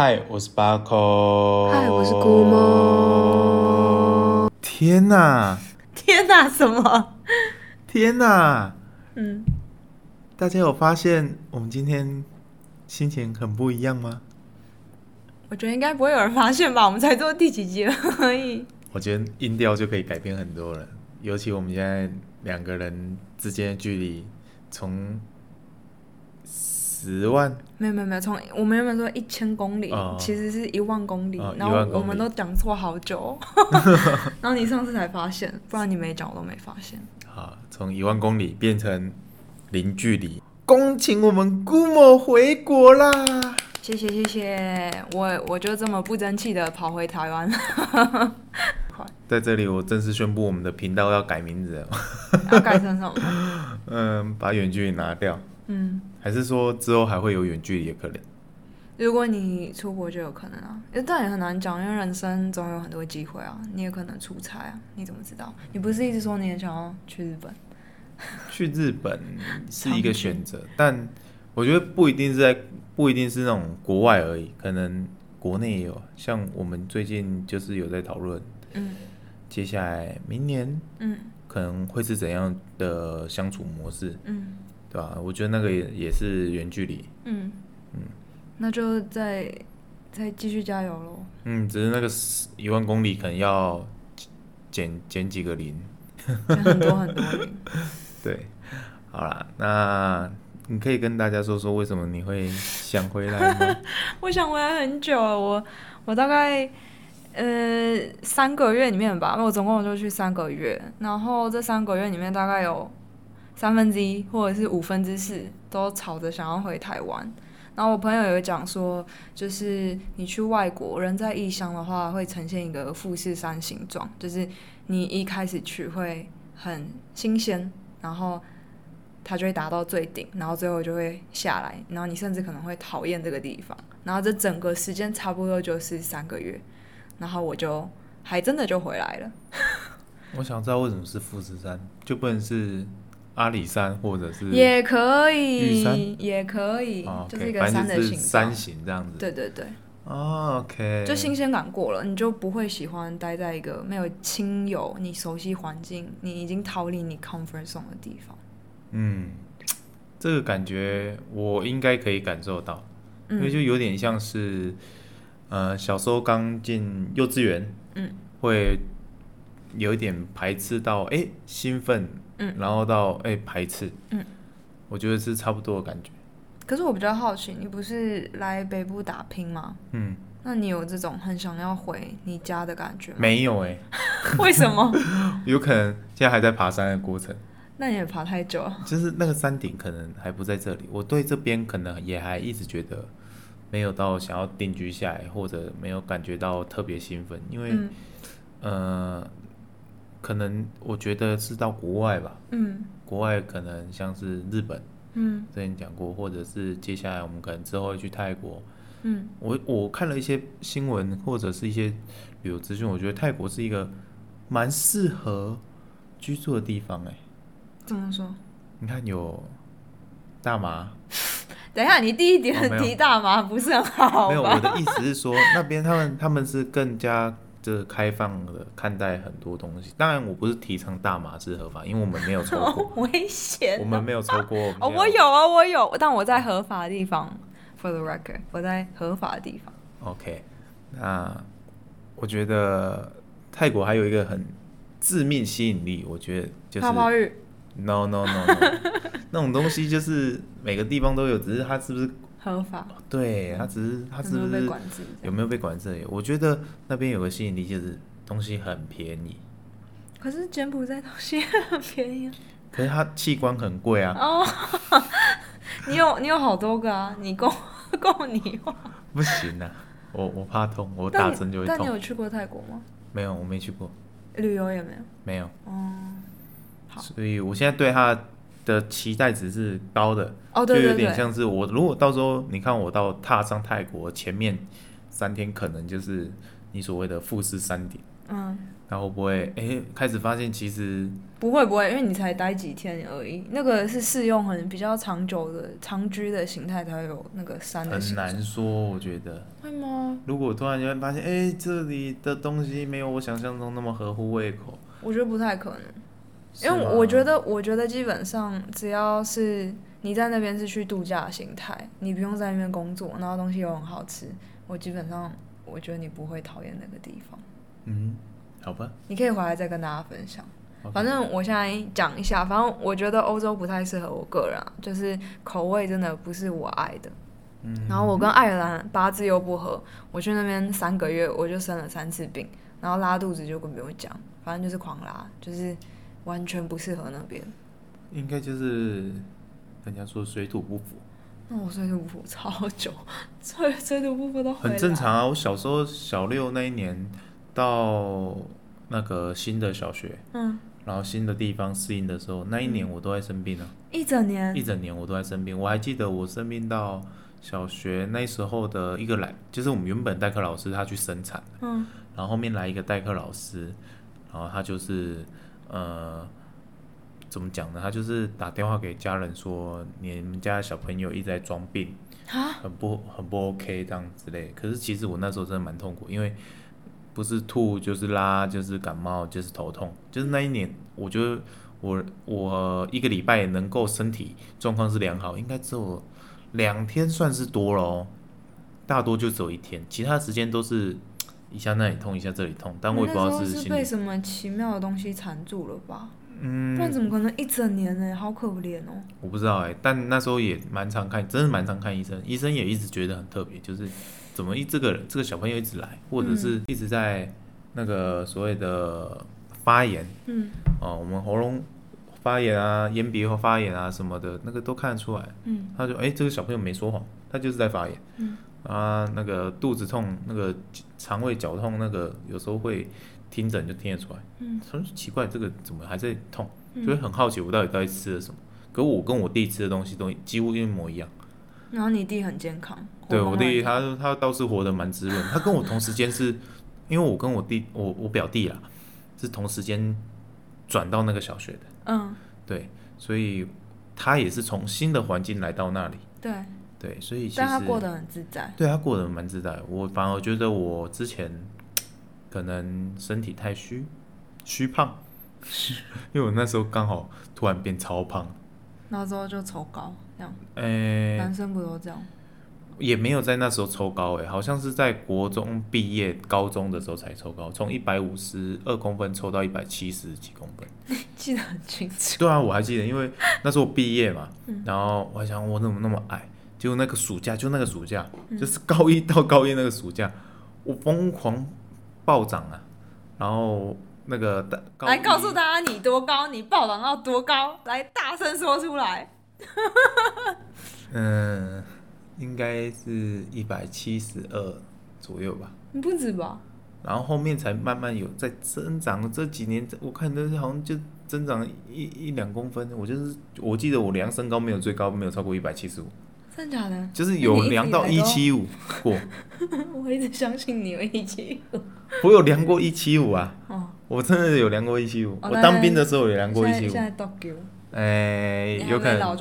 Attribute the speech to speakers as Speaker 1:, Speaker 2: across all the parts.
Speaker 1: 嗨，Hi, 我是巴克。嗨，我是 Gumo。天啊，
Speaker 2: 天啊，什麼？
Speaker 1: 天啊！嗯，大家有發現我們今天心情很不一樣嗎？
Speaker 2: 我覺得應該不會有人發現吧，我們才做第幾集了，所以
Speaker 1: 我覺得音調就可以改變很多了，尤其我們現在兩個人之間的距離從十萬。
Speaker 2: 沒有沒有沒有，從我們原本說一千公里，哦、其實是一萬公里，哦、然後我們都講錯好久，哦呵呵，然後你上次才發現，不然你沒講我都沒發現。啊，
Speaker 1: 從一萬公里變成零距離，恭請我們姑母
Speaker 2: 回國啦！謝謝謝謝，我我就這麼不爭氣的跑回台灣。呵
Speaker 1: 呵，在這裡，我正式宣布我們的頻道要改名字了。要改成什麼？啊、嗯，把遠距離拿掉。嗯，還是說之後還會有遠距離的可能？
Speaker 2: 如果你出國就有可能啊，但也很難講，因為人生總有很多機會啊，你也可能出差啊，你怎麼知道？你不是一直說你也想要去日本？嗯，
Speaker 1: 去日本是一個選擇，長期。但我覺得不一定是在，不一定是那種國外而已，可能國內也有。像我們最近就是有在討論，嗯，接下來明年，嗯，可能會是怎樣的相處模式？嗯。對吧、啊？我覺得那個也也是遠距離。嗯
Speaker 2: 嗯，嗯，那就再再繼續加油嘍。
Speaker 1: 嗯，只是那個是一萬公里，可能要減減幾個零。減很多很多零。 對，好啦。那你可以跟大家說說為什麼你會想回來
Speaker 2: 嗎？ 我想回來很久了，我我大概呃三個月裡面吧，我總共我就去三個月，然後這三個月裡面大概有。三分之一或者是五分之四都吵着想要回台灣，然後我朋友有講說，就是你去外國，人在異鄉的話，會呈現一個富士山形狀，就是你一開始去會很新鮮，然後它就會達到最頂，然後最後就會下來，然後你甚至可能會討厭這個地方，然後這整個時間差不多就是三個月，然後我就還真的就回來了。
Speaker 1: 我想知道為什麼是富士山就不能是。阿里山，或者是山也可以，山
Speaker 2: 也可以，oh, okay, 就是一個
Speaker 1: 山的形，山形
Speaker 2: 這樣子。對對對。
Speaker 1: Oh, OK，就新
Speaker 2: 鮮感過了，你就不會喜歡待在一個沒有親友、你熟悉環境、你已經逃離你 comfort zone 的地方。嗯，
Speaker 1: 這個感覺我應該可以感受到，
Speaker 2: 嗯、因為就有
Speaker 1: 點像是，呃，小時候剛進幼稚園，嗯，會有一點排斥到，哎、欸，興奮。嗯，然後到誒、欸、排斥，
Speaker 2: 嗯，
Speaker 1: 我覺得是差不多的感覺。
Speaker 2: 可是我比較好奇，你不是來北部打拼嗎？嗯，那你有這種很想要回你家的感覺？沒
Speaker 1: 有誒、欸，
Speaker 2: 為什麼？
Speaker 1: 有可能現在還在爬山的過程。
Speaker 2: 那你也爬太久了。就
Speaker 1: 是那個山頂可能還不在這裡，我對這邊可能也還一直覺得沒有到想要定居下來，或者沒有感覺到特別興奮，因為，嗯、呃。可能我覺得是到國外吧，嗯，國外可能像是日本，嗯，之前講過，或者是接下來我們可能之後會去泰國，嗯，我我看了一些新聞或者是一些旅遊資訊，我覺得泰國是一個蠻適合居住的地方，欸，
Speaker 2: 哎，怎麼說？
Speaker 1: 你看有大麻，
Speaker 2: 等一下你第一點、哦、提大麻不是很好，沒有，我的意思是說那
Speaker 1: 邊他們他們是更加。就是開放的看待很多東西，當然我不是提倡大麻是合法，因為我們沒有抽
Speaker 2: 過，哦、危險、啊。我
Speaker 1: 們沒有抽過，我、哦、我
Speaker 2: 有啊、哦，我有，但我在合法的地方，for the record，我在合法的地方。
Speaker 1: OK，那我覺得泰國還有一個很致命吸引力，我覺得就是泡泡浴，no no no no，, no, no. 那種東西就是每個地方都有，只是它是不是。
Speaker 2: 合
Speaker 1: 法，對、啊、他只是他只是有沒有，有沒有被管制？有沒有被管制。我覺得那邊有個吸引力，就是東西很便宜。
Speaker 2: 可是柬埔寨東西很便宜啊。
Speaker 1: 可是他器官很貴啊。Oh,
Speaker 2: 你有你有好多個啊？ 你供供你
Speaker 1: 不行啊，我我怕痛，我打針就會痛但。但你有
Speaker 2: 去過泰國嗎？
Speaker 1: 沒有，我沒去過。
Speaker 2: 旅遊也沒有。
Speaker 1: 沒有。哦、嗯，好。所以我現在對他的期待值是高的，oh, 就有點像是我，對對對，如果到時候你看我到踏上泰國前面三天，可能就是你所謂的富士山頂。嗯，然後不會哎開始發現其實
Speaker 2: 不會不會，因為你才待幾天而已，那個是適用很比較長久的長居的形態才會有那個山的。很難
Speaker 1: 說，我覺得
Speaker 2: 會嗎？
Speaker 1: 如果突然間發現哎這裡的東西沒有我想象中那麼合乎胃
Speaker 2: 口，我覺得不太可能。因為我覺得，我覺得基本上，只要是你在那邊是去度假心態，你不用在那邊工作，然後東西又很好吃，我基本上我覺得你不會討厭那個地方。
Speaker 1: 嗯，好吧，
Speaker 2: 你可以回來再跟大家分享。反正我現在講一下，反正我覺得歐洲不太適合我個人啊，就是口味真的不是我愛的。嗯，然後我跟愛爾蘭八字又不合，我去那邊三個月，我就生了三次病，然後拉肚子就更不用講，反正就是狂拉，就是。完全不適合那邊，
Speaker 1: 應該就是人家說水土不服。
Speaker 2: 那我水土不服超久，水土不服都很正常
Speaker 1: 啊。我小時候小六那一年到那個新的小學，嗯，然後新的地方適應的時候，那一年我都在生病啊，一整年一整年我都在生病。我還記得我生病到小學那時候的一個來，就是我們原本代課老師他去生產，嗯，然後後面來一個代課老師，然後他就是。呃，怎麼講呢？他就是打電話給家人說，你們家小朋友一直在裝病，很不很不 OK 這樣之類。可是其實我那時候真的蠻痛苦，因為不是吐就是拉，就是感冒，就是頭痛。就是那一年，我覺得我我一個禮拜能夠身體狀況是良好，應該只有兩天算是多了，大多就走一天，其他時間都是。一下那裡痛，一下這裡痛，但我也不知道是。那時候是被
Speaker 2: 什麼奇妙的東西纏住了吧？嗯。不然怎麼可能一整年呢、欸？好可憐哦。
Speaker 1: 我不知道哎、欸，但那時候也蠻常看，真的蠻常看醫生。醫生也一直覺得很特別，就是怎麼一這個這個小朋友一直來，或者是一直在那個所謂的發炎。嗯。哦、呃，我們喉嚨發炎啊，咽鼻喉發炎啊什麼的，那個都看得出來。嗯。他就：“哎、欸，這個小朋友沒說謊，他就是在發炎。”嗯。啊，那個肚子痛，那個腸胃絞痛，那個有時候會聽診就聽得出來。嗯，很奇怪，這個怎麼還在痛？所以很好奇我到底到底吃了什麼。嗯、可我跟我弟吃的東西都幾乎一模一樣。
Speaker 2: 然後你弟很健康。慌慌對，我弟
Speaker 1: 他他倒是活得蠻滋潤。他跟我同時間是。 因為我跟我弟我我表弟啊，是同時間轉到那個小學的。嗯，對，所以他也是從新的環境來到那裡。對。對，所以其實。但他過得很
Speaker 2: 自在。對，他
Speaker 1: 過得蠻自在，我反而覺得我之前可能身體太虛，虛胖， 因為我那時候剛好突然變超胖， 那時
Speaker 2: 候就抽高
Speaker 1: 那樣。誒、欸，男
Speaker 2: 生不都這
Speaker 1: 樣？也沒有在那時候抽高誒、欸，好像是在國中畢業高中的時候才抽高，從一百五十二公分抽到一百七十幾公分。
Speaker 2: 記得很清
Speaker 1: 楚。對啊，我還記得，因為那時候我畢業嘛， 嗯、然後我還想我怎麼那麼矮。就那個暑假，就那個暑假，嗯、就是高一到高一那個暑假，我瘋狂暴漲啊！然後那個大來告訴大
Speaker 2: 家你多高，你暴漲到多高，來大聲說出來。
Speaker 1: 嗯，應該是一百七十二左右吧。
Speaker 2: 不止吧。
Speaker 1: 然後後面才慢慢有在增長，這幾年我看都是好像就增長一一兩公分。我就是我記得我量身高沒有最高，沒有超過一百七十五。
Speaker 2: 真的？假的？就是有量到一七
Speaker 1: 五過。
Speaker 2: 我一直相信你有一七五。
Speaker 1: 我有量過一七五啊！哦，我真的有量過一七五。我當兵的時候有量過一七五。現在掉九。哎、欸，有可
Speaker 2: 能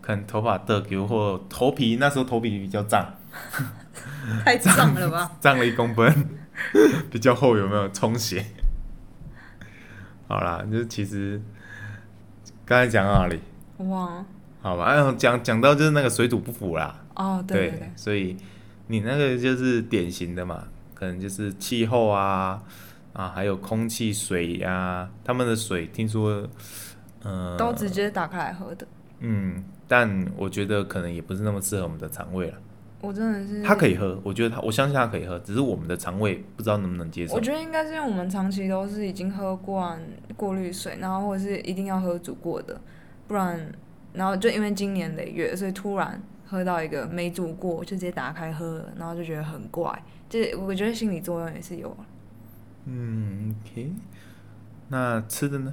Speaker 1: 可能，頭髮掉九，或頭皮那時候頭皮比較髒，
Speaker 2: 髒太髒了吧？
Speaker 1: 髒了一公分， 比較厚，有沒有充血？ 好啦，就是其實剛才講到哪裡？
Speaker 2: 我忘了。
Speaker 1: 好吧，哎、啊，講講到就是那個水土不服啦。
Speaker 2: 哦，對對對,對。
Speaker 1: 所以你那個就是典型的嘛，可能就是氣候啊啊，還有空氣、水呀、啊，他們的水聽說，嗯、呃，都直
Speaker 2: 接打開來喝的。
Speaker 1: 嗯，但我覺得可能也不是那麼適合我們的腸胃了。
Speaker 2: 我真的是。他可
Speaker 1: 以喝，我覺得他，我相信他可以喝，只是我們的腸胃不知道能不能接受。我覺得
Speaker 2: 應該是因為我們長期都是已經喝過完過濾水，然後或者是一定要喝煮過的，不然。然後就因為經年累月，所以突然喝到一個沒煮過，就直接打開喝了，然後就覺得很怪，就我覺得心理作用也是有。嗯
Speaker 1: ，OK，
Speaker 2: 那吃的呢？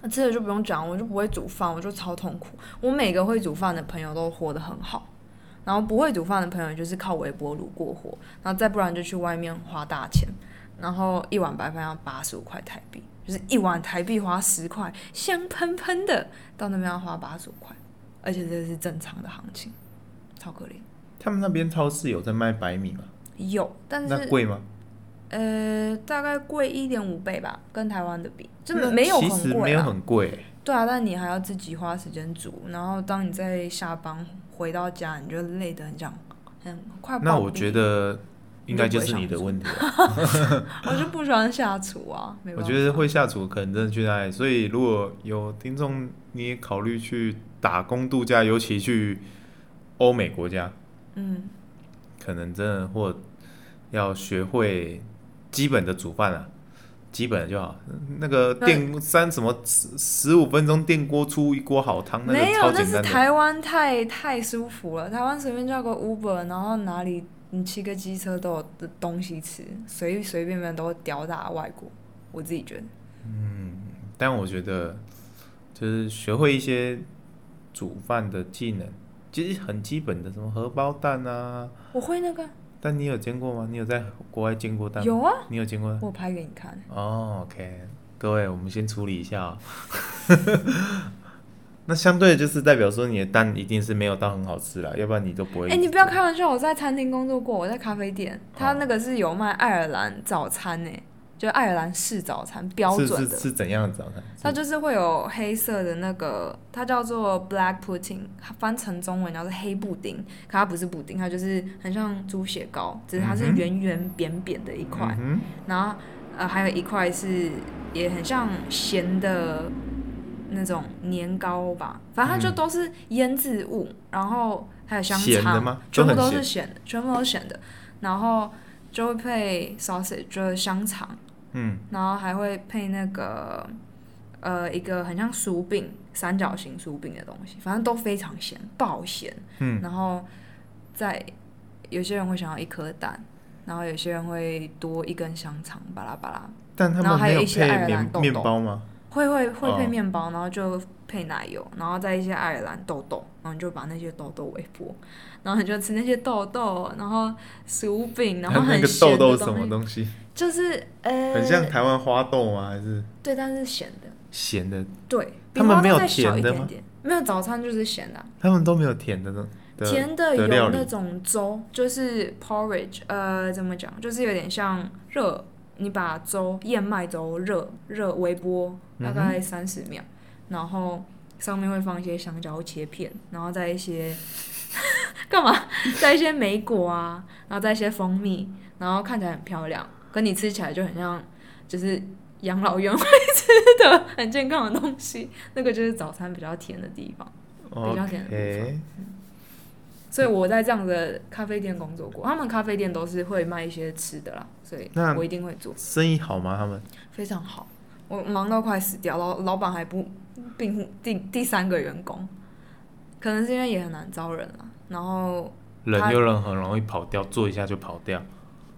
Speaker 2: 那吃的就不用講，我就不會煮飯，我就超痛苦。我每個會煮飯的朋友都活得很好，然後不會煮飯的朋友就是靠微波爐過活，然後再不然就去外面花大錢，然後一碗白飯要八十五塊台幣。就是一碗台幣花十塊，香噴噴的，到那邊要花八十塊，而且這是正常的行情，超可憐。
Speaker 1: 他們那邊超市有在賣白米嗎？
Speaker 2: 有。但是那貴嗎？呃，大概貴一點五倍吧，跟台灣的比，真的沒有很貴。嗯、其實沒有很貴、欸。對啊，但你還要自己花時間煮，然後當你在下班回到家，你就累得很，想很快。那我覺得。
Speaker 1: 應該就是你的問題，
Speaker 2: 啊。 我就不喜歡下廚啊。 我覺
Speaker 1: 得會下廚可能真的去那裡。所以如果有聽眾，你也考慮去打工度假，尤其去歐美國家，嗯，可能真的或要學會基本的煮飯啊，基本就好。那個電三什麼十五分鐘電鍋出一鍋好湯，那個超簡單的，沒有，那是台
Speaker 2: 灣太太舒服了。台灣隨便叫個 Uber，然後哪裡。你騎個機車都有的東西吃，隨隨便便都會吊打外國，我自己覺得。嗯，
Speaker 1: 但我覺得就是學會一些煮飯的技能，其實很基本的，什麼荷包蛋啊，我會那個。但你有見過嗎？你有在國外見過蛋？有啊，你有見過嗎？我拍給你看。哦，Oh，OK，各位，我們先處理一下哦 那相對的就是代表說你的蛋一定是沒有到很好吃啦，要不然你都不會。哎，欸、你不
Speaker 2: 要開玩笑，我在餐廳工作過，我在咖啡店，他那個是有賣愛爾蘭早餐誒、欸，好就愛爾蘭式早餐標準的。是，是，是
Speaker 1: 怎樣的早餐？
Speaker 2: 它就是會有黑色的那個，它叫做 black pudding，它翻成中文然後是黑布丁，可它不是布丁，它就是很像豬血糕，只是它是圓圓扁扁，扁的一塊，嗯、哼然後呃還有一塊是也很像鹹的。那種年糕吧，反正它就都是醃製物，嗯，然後還有香腸，全部都是鹹的，鹹，全部都是鹹的，然後就會配 sausage 就是香腸，嗯，然後還會配那個呃一個很像薯餅、三角形薯餅的東西，反正都非常鹹，爆鹹，嗯，然後再有些人會想要一顆蛋，然後有些人會多一根香腸，巴拉巴拉，然後還有一些愛爾蘭豆，但他們沒有配麵麵包嗎？會會會配面包，Oh. 然後就配奶油，然後再一些愛爾蘭豆豆，然後你就把那些豆豆微波，然後你就吃那些豆豆，然後薯餅，然後很鹹的東西。就是呃，欸，很像
Speaker 1: 台灣花豆嗎？還是
Speaker 2: 對，但是鹹的。
Speaker 1: 鹹的。對，比方說再小一點點，
Speaker 2: 沒有,沒有早餐就是鹹的。
Speaker 1: 他們都沒有甜的呢。的的甜的有那
Speaker 2: 種粥，就是 porridge，呃，怎麼講，就是有點像熱，你把粥燕麥粥熱熱微波。大概三十秒，嗯、哼然後上面會放一些香蕉切片，然後再一些 幹嘛？再一些莓果啊， 然後再一些蜂蜜，然後看起來很漂亮，跟你吃起來就很像，就是養老院會吃的很健康的東西。那個就是早餐比較甜的地方，Okay. 比較甜的地方、嗯。所以我在這樣的咖啡店工作過，他們咖啡店都是會賣一些吃的啦，所以我一定會做。
Speaker 1: 生意好嗎？他們
Speaker 2: 非常好。我忙到快死掉，老老闆還不聘第第三個員工，可能是因為也很難招人了。然後，人又
Speaker 1: 人很容易跑掉，做一下就跑掉。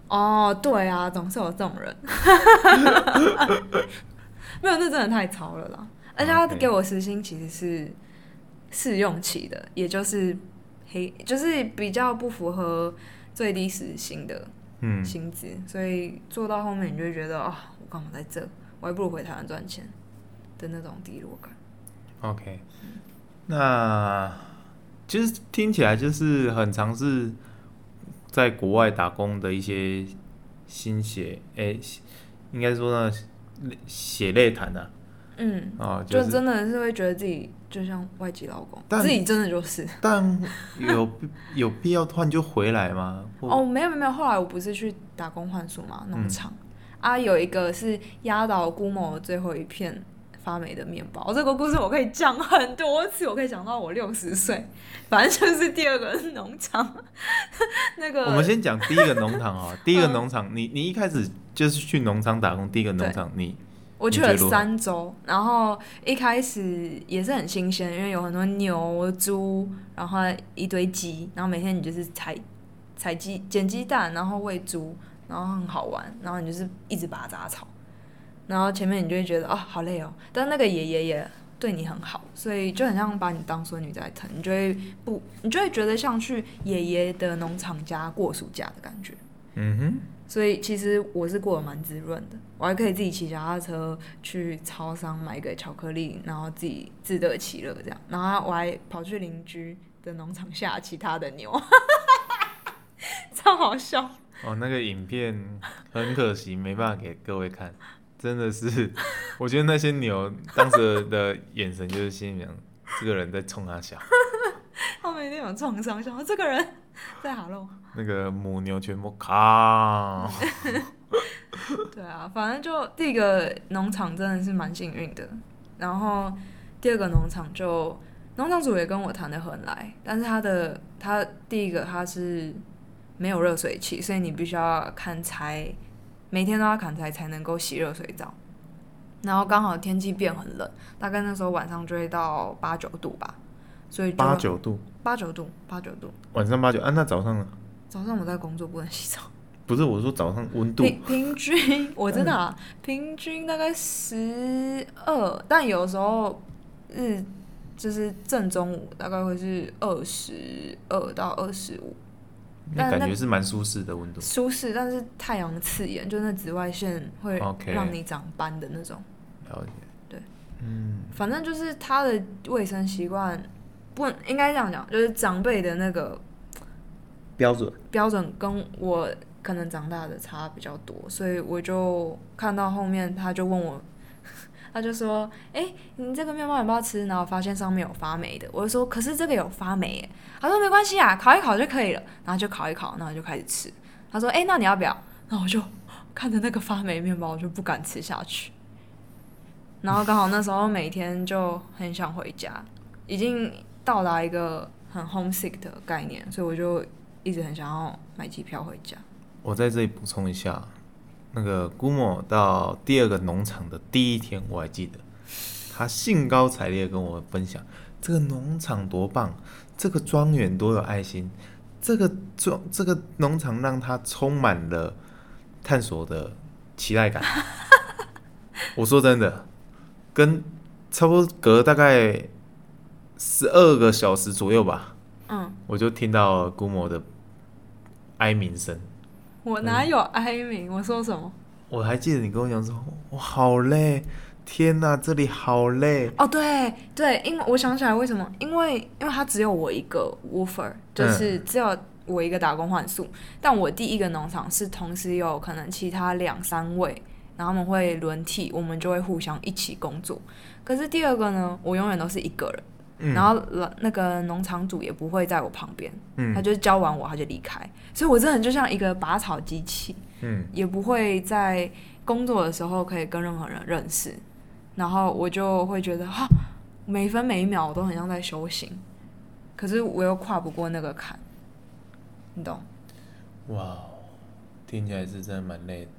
Speaker 2: 哦，對啊，總是有這種人。 沒有，那真的太糟了啦！而且他給我時薪其實是試用期的，Okay. 也就是黑，就是比較不符合最低時薪的薪資，嗯、所以做到後面你就會覺得哦，我幹嘛在這？我還不如回台灣賺錢的那種低落感。
Speaker 1: OK，那其實、就是、聽起來就是很嘗試在國外打工的一些心血，誒、欸，應該說呢，血淚談吶。嗯。
Speaker 2: 哦，就是、就真的是會覺得自己就像外籍勞工，但自己真的就是。但
Speaker 1: 有 有必要換就回來嗎？哦，
Speaker 2: 沒有沒有，後來我不是去打工換宿嘛，農場。嗯。啊，有一個是壓倒 Gumo 的最後一片發霉的麵包。哦，這個故事我可以講很多次，我可以講到我六十歲。反正就是第二個農場， 那個。我們先
Speaker 1: 講第一個農場哦， 第一個農場，嗯、你你一開始就是去農場打工，嗯、第一個農場對你。
Speaker 2: 你我去了三周，然後一開始也是很新鮮，因為有很多牛豬，然後一堆雞，然後每天你就是采採雞撿雞蛋，然後餵豬。然後很好玩，然後你就是一直拔雜草，然後前面你就會覺得哦好累哦，但那個爺爺也對你很好，所以就很像把你當孫女在疼，你就會不，你就會覺得像去爺爺的農場家過暑假的感覺。嗯哼，所以其實我是過得蠻滋潤的，我還可以自己騎腳踏車去超商買一個巧克力，然後自己自得其樂這樣，然後我還跑去鄰居的農場下其他的牛， 超好笑。
Speaker 1: 哦，那個影片很可惜， 沒辦法給各位看。真的是，我覺得那些牛當時的眼神就是心裡面 這個人在衝他笑，
Speaker 2: 他們一定有創傷，想 這個人 在哈肉。
Speaker 1: 那個母牛全部靠！
Speaker 2: 對啊，反正就第一個農場真的是蠻幸運的，然後第二個農場就農場主也跟我談得很來，但是他的他第一個他是，沒有熱水器，所以你必須要砍柴，每天都要砍柴才能夠洗熱水澡。然後剛好天氣變很冷，大概那時候晚上就會到八九度吧，所以八,九度，八九度，八九度，八九度。
Speaker 1: 晚上八九，按、啊、那早上呢？
Speaker 2: 早上我在工作，不能洗澡。
Speaker 1: 不是，我說早上溫度平，
Speaker 2: 平均。我知道、啊嗯、平均大概十二，但有時候日就是正中午，大概會是二十二到二十五。但那，那感覺是蠻舒
Speaker 1: 適的溫度，
Speaker 2: 舒適，但是太陽刺眼，就那紫外線會讓你長斑的那種。Okay. 對，
Speaker 1: 嗯，
Speaker 2: 反正就是他的衛生習慣，不，應該這樣講，就是長輩的那個標準，標準跟我可能長大的差比較多，所以我就看到後面他就問我。他就說：“哎、欸，你這個麵包要不要吃？”然後發現上面有發霉的，我就說：“可是這個有發霉。”他說：“沒關係啊，烤一烤就可以了。”然後就烤一烤，然後就開始吃。他說：“哎、欸，那你要不要？”然後我就看着那個發霉麵包，我就不敢吃下去。然後剛好那時候每天就很想回家， 已經到達一個很 homesick 的概念，所以我就一直很想要買機票回家。
Speaker 1: 我在這裡補充一下。那個 Gumo 到第二個農場的第一天，我還記得，他興高采烈跟我分享這個農場多棒，這個莊園多有愛心，這個莊這個農場讓他充滿了探索的期待感。 我說真的，跟差不多隔大概十二個小時左右吧，嗯，我就聽到 Gumo 的哀鳴聲。
Speaker 2: 我哪有哀鳴？我說什麼，嗯？
Speaker 1: 我還記得你跟我講說，我好累，天哪、啊，這裡好累
Speaker 2: 哦。對對，因為我想起來為什麼？因為因為他只有我一個 woofer，就是只有我一個打工換宿。嗯、但我第一個農場是同時有可能其他兩三位，然後他們會輪替，我們就會互相一起工作。可是第二個呢，我永遠都是一個人。嗯、然後那個農場主也不會在我旁邊，嗯、他就是教完我，他就離開，所以我真的就像一個拔草機器，嗯、也不會在工作的時候可以跟任何人認識，然後我就會覺得啊，每分每秒我都很像在修行，可是我又跨不過那個坎，你懂？
Speaker 1: 哇，聽起來是真的蠻累的，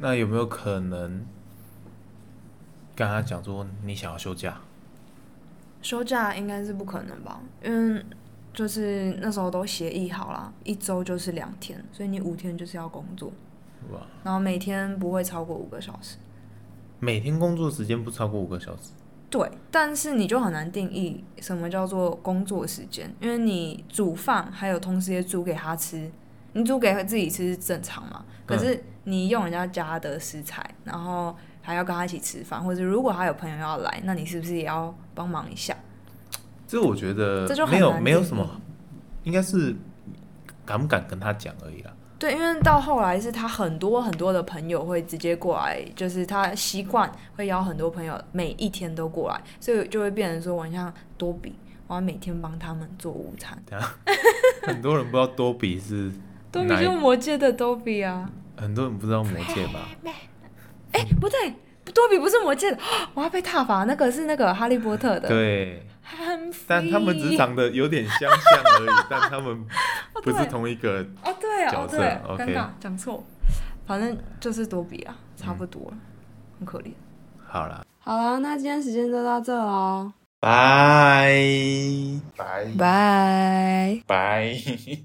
Speaker 1: 那有沒有可能跟他講說你想要休假？
Speaker 2: 休假應該是不可能吧，因為就是那時候都協議好了，一周就是兩天，所以你五天就是要工作，哇然後每天不會超過五個小時，
Speaker 1: 每天工作時間不超過五個小時。
Speaker 2: 對，但是你就很難定義什麼叫做工作時間，因為你煮飯，還有同時也煮給他吃，你煮給他自己吃是正常嘛？可是你用人家家的食材，嗯、然後。還要跟他一起吃飯，或者如果他有朋友要來，那你是不是也要幫忙一下？這
Speaker 1: 我覺得，沒有沒有什麼，應該是敢不敢跟他講而已啦。
Speaker 2: 對，因為到後來是他很多很多的朋友會直接過來，就是他習慣會邀很多朋友每一天都過來，所以就會變成說，我很像多比，我要每天幫他們做午餐。
Speaker 1: 很多人不知道多比是多比，就是
Speaker 2: 魔界的多比啊，
Speaker 1: 很多人不知道魔界吧？
Speaker 2: 哎，欸嗯、不對，多比不是魔戒的，我要被踏伐、啊。那個是那個哈利波特的，對。
Speaker 1: 但他們只長得有點相像，像而已，但他們不是同一個哦，對哦，對，尷、哦、尬，
Speaker 2: 講錯、okay，反正就是多比啊，差不多，嗯、很可憐。
Speaker 1: 好了，
Speaker 2: 好了，那今天時間就到這嘍，
Speaker 1: 拜拜
Speaker 2: 拜
Speaker 1: 拜。